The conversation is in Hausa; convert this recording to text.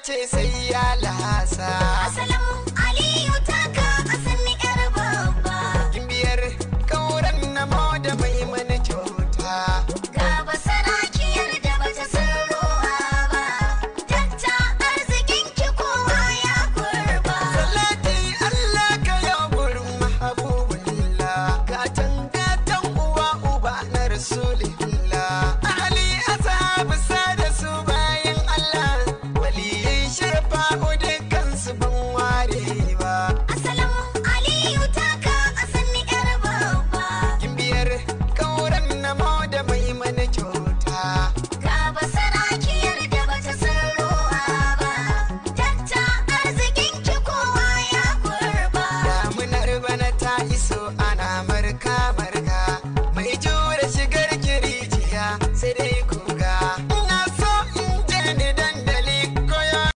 ce sai ya laha